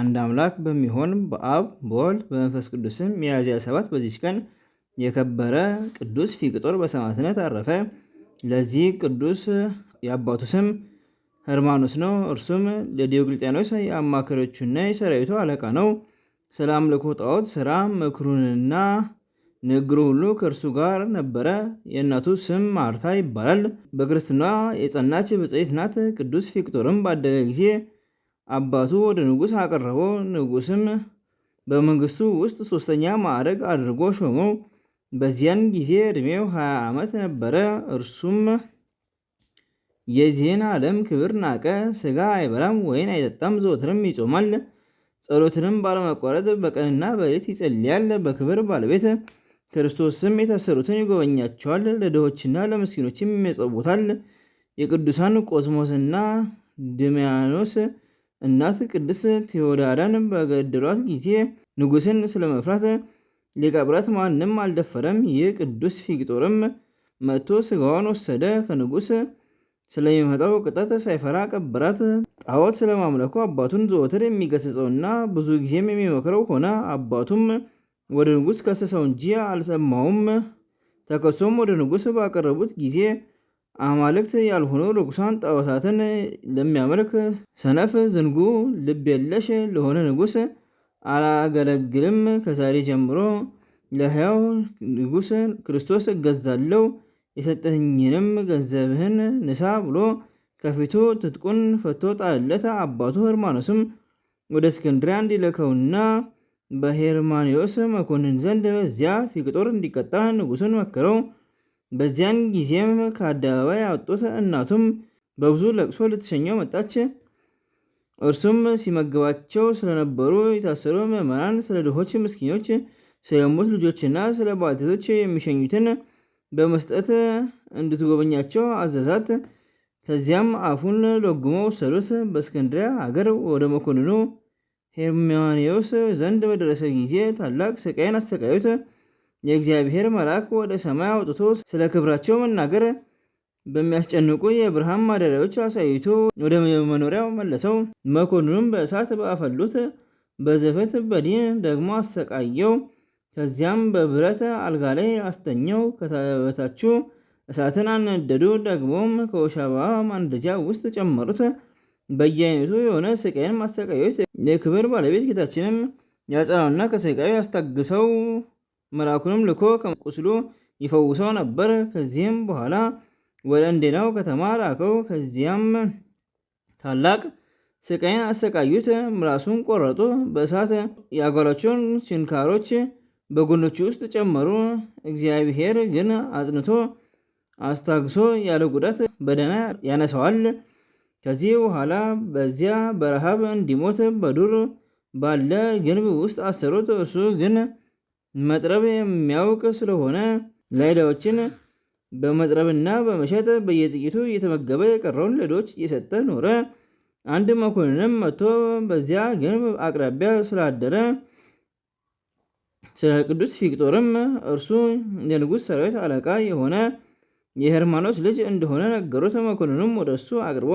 አንድ አምላክ በሚሆን በአብ በወልድ በመንፈስ ቅዱስም ሚያዝያ ሰባት በዚች ቀን የከበረ ቅዱስ ፊቅጦር በሰማዕትነት አረፈ። ለዚህ ቅዱስ የአባቱ ስም ሄርማኖስ ነው። እርሱም ለዲዮቅልጥያኖስ የአማካሪዎቹና የሰራዊቱ አለቃ ነው። ስለ አምልኮ ጣዖት ስራ ምክሩንና ንግሩ ሁሉ ከእርሱ ጋር ነበረ። የእናቱ ስም ማርታ ይባላል። በክርስትና የጸናች ብፅዕት ናት። ቅዱስ ፊቅጦርም ባደገ ጊዜ አባቱ ወደ ንጉሥ አቀረበው። ንጉሥም በመንግስቱ ውስጥ ሶስተኛ ማዕረግ አድርጎ ሾመው። በዚያን ጊዜ ዕድሜው 20 ዓመት ነበረ። እርሱም የዚህን ዓለም ክብር ናቀ። ስጋ አይበላም፣ ወይን አይጠጣም፣ ዘወትርም ይጾማል። ጸሎትንም ባለመቋረጥ በቀንና በሌት ይጸልያል። በክብር ባለቤት ክርስቶስም የታሰሩትን ይጎበኛቸዋል፣ ለድሆችና ለምስኪኖችም ይመጸውታል። የቅዱሳን ቆስሞስና ድሚያኖስ እናት ቅድስት ቴዎዳዳን በገደሏት ጊዜ ንጉሥን ስለመፍራት ሊቀብራት ማንም አልደፈረም። ይህ ቅዱስ ፊቅጦርም መጥቶ ስጋዋን ወሰደ። ከንጉሥ ስለሚመጣው ቅጣት ሳይፈራ ቀበራት። ጣዖት ስለማምለኩ አባቱን ዘወትር የሚገስጸውና ብዙ ጊዜም የሚመክረው ሆነ። አባቱም ወደ ንጉሥ ከሰሰው እንጂ አልሰማውም። ተከሶም ወደ ንጉሥ ባቀረቡት ጊዜ አማልክት ያልሆኑ ርኩሳን ጣዖታትን ለሚያመልክ ሰነፍ፣ ዝንጉ፣ ልብ የለሽ ለሆነ ንጉስ አላገለግልም፣ ከዛሬ ጀምሮ ለሕያው ንጉስ ክርስቶስ እገዛለሁ፣ የሰጠኝንም ገንዘብህን ንሳ ብሎ ከፊቱ ትጥቁን ፈቶ ጣለለት። አባቱ ሄርማኖስም ወደ እስክንድሪያ እንዲልከውና በሄርማኒዮስ መኮንን ዘንድ በዚያ ፊቅጦር እንዲቀጣ ንጉሱን መከረው። በዚያን ጊዜም ከአደባባይ አወጡት። እናቱም በብዙ ለቅሶ ልትሸኘው መጣች። እርሱም ሲመግባቸው ስለነበሩ የታሰሩ ምዕመናን፣ ስለ ድሆች፣ ምስኪኖች፣ ስለ ሙት ልጆችና ስለ ባልቴቶች የሚሸኙትን በመስጠት እንድትጎበኛቸው አዘዛት። ከዚያም አፉን ለጉሞ ወሰዱት። በእስክንድሪያ አገር ወደ መኮንኑ ሄርማኒዎስ ዘንድ በደረሰ ጊዜ ታላቅ ስቃይን አሰቃዩት። የእግዚአብሔር መልአክ ወደ ሰማይ አውጥቶ ስለ ክብራቸው መናገር በሚያስጨንቁ የብርሃን ማደሪያዎች አሳይቶ ወደ መኖሪያው መለሰው። መኮንኑም በእሳት በአፈሉት በዘፈት በዲን ደግሞ አሰቃየው። ከዚያም በብረት አልጋ ላይ አስተኘው። ከበታቹ እሳትን አነደዱ። ደግሞም ከወሻባ ማንደጃ ውስጥ ጨመሩት። በየአይነቱ የሆነ ስቃይን ማሰቃዮች የክብር ባለቤት ጌታችንም ያጸናውና ከስቃዩ ያስታግሰው መልአኩንም ልኮ ከቁስሉ ይፈውሰው ነበር። ከዚህም በኋላ ወደ እንዴናው ከተማ ላከው። ከዚያም ታላቅ ስቃይን አሰቃዩት። ምላሱን ቆረጡ። በእሳት የአጓሎቹን ችንካሮች በጎኖቹ ውስጥ ጨመሩ። እግዚአብሔር ግን አጽንቶ አስታግሶ ያለ ጉዳት በደህና ያነሰዋል። ከዚህ በኋላ በዚያ በረሃብ እንዲሞት በዱር ባለ ግንብ ውስጥ አሰሩት። እርሱ ግን መጥረብ የሚያውቅ ስለሆነ ላይዳዎችን በመጥረብና በመሸጥ በየጥቂቱ እየተመገበ የቀረውን ለዶች እየሰጠ ኖረ። አንድ መኮንንም መጥቶ በዚያ ግንብ አቅራቢያ ስላደረ ስለ ቅዱስ ፊቅጦርም እርሱ የንጉሥ ሰራዊት አለቃ የሆነ የሄርማኖስ ልጅ እንደሆነ ነገሩት። መኮንኑም ወደ እሱ አቅርቦ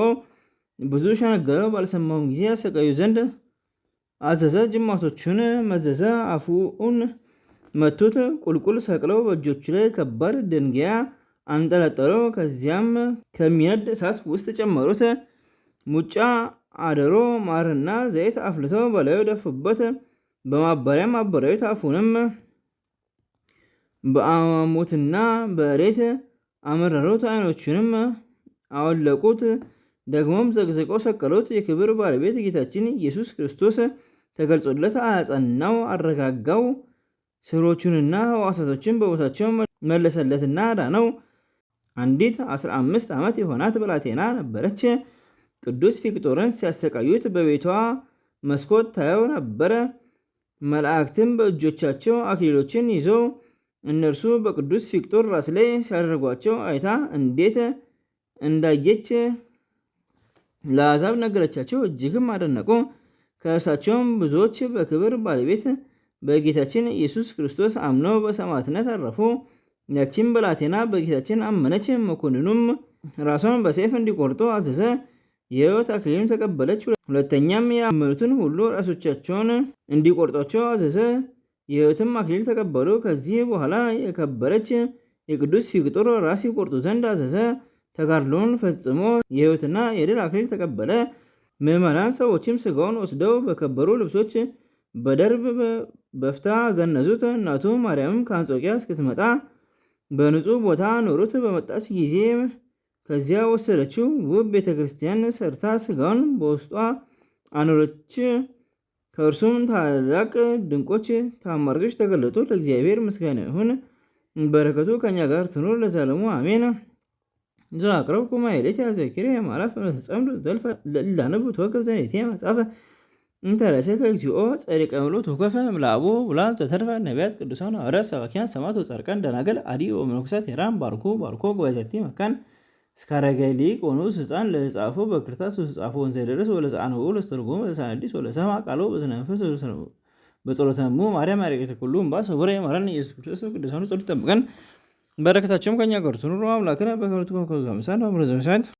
ብዙ ሸነገረው። ባልሰማውም ጊዜ ያሰቃዩ ዘንድ አዘዘ። ጅማቶቹን መዘዘ። አፉን መቱት። ቁልቁል ሰቅለው በእጆቹ ላይ ከባድ ደንጊያ አንጠለጠለው። ከዚያም ከሚነድ እሳት ውስጥ ጨመሩት። ሙጫ፣ አደሮ፣ ማርና ዘይት አፍልተው በላዩ ደፉበት። በማባሪያም አበራዩት። አፉንም በአሞትና በእሬት አመረሩት። አይኖቹንም አወለቁት። ደግሞም ዘቅዝቀው ሰቀሉት። የክብር ባለቤት ጌታችን ኢየሱስ ክርስቶስ ተገልጾለት አጸናው፣ አረጋጋው። ስሮቹንና ህዋሳቶችን በቦታቸው መለሰለትና አዳነው። አንዲት 15 ዓመት የሆናት ብላቴና ነበረች። ቅዱስ ፊቅጦርን ሲያሰቃዩት በቤቷ መስኮት ታየው ነበረ። መላእክትም በእጆቻቸው አክሊሎችን ይዘው እነርሱ በቅዱስ ፊቅጦር ራስ ላይ ሲያደርጓቸው አይታ እንዴት እንዳየች ለአሕዛብ ነገረቻቸው። እጅግም አደነቁ። ከእርሳቸውም ብዙዎች በክብር ባለቤት በጌታችን ኢየሱስ ክርስቶስ አምነው በሰማዕትነት አረፉ። ያችን ብላቴና በጌታችን አመነች። መኮንኑም ራሷን በሰይፍ እንዲቆርጡ አዘዘ። የሕይወት አክሊልም ተቀበለች። ሁለተኛም ያመኑትን ሁሉ ራሶቻቸውን እንዲቆርጧቸው አዘዘ። የሕይወትም አክሊል ተቀበሉ። ከዚህ በኋላ የከበረች የቅዱስ ፊቅጦር ራስ ይቆርጡ ዘንድ አዘዘ። ተጋድሎውን ፈጽሞ የሕይወትና የድል አክሊል ተቀበለ። ምዕመናን ሰዎችም ስጋውን ወስደው በከበሩ ልብሶች በደርብ በፍታ ገነዙት። እናቱ ማርያምም ከአንጾኪያ እስክትመጣ በንጹህ ቦታ ኖሩት። በመጣች ጊዜ ከዚያ ወሰደችው። ውብ ቤተ ክርስቲያን ሰርታ ስጋውን በውስጧ አኖረች። ከእርሱም ታላቅ ድንቆች ታማርቶች ተገለጡ። ለእግዚአብሔር ምስጋና ይሁን፣ በረከቱ ከኛ ጋር ትኑር ለዘለሙ አሜን። ዘአቅረብኩማ የሌት ያዘኪሬ ማራፍ ተጸምዱ ዘልፈ ለላነብ ተወገብ ዘኔቴ መጻፈ እንተረሴከ እግዚኦ ጸሪቀ ምሉ ተኮፈ እምለአቡ ውላን ዘተርፈ ነቢያት ቅዱሳን ሐዋርያት ሰባኪያን ሰማዕት ወጻድቃን ደናግል አዲ ወመነኮሳት ሄራን ባርኩ ባርኮ ጉባኤዛቲ መካን እስካረገ ሊቅ ወንዑስ ሕፃን ለጻፎ በክርታስ ወጻፎ ወንዘ ደረስ ወለዘአንብቦ ለስተርጎሙ ወለሳንዲስ ወለሰማ ቃሎ በዝነ መንፈስ በጸሎተሙ ማርያም ያርቅት ኩሉ እምባስ ወብረ የማረን ኢየሱስ ክርስቶስ ቅዱሳኑ ጸሎት ይጠብቀን። በረከታቸውም ከኛ ጋር ትኑር። አምላክነ በከሩት መኮዛ ምሳን በምረዘ ምሳት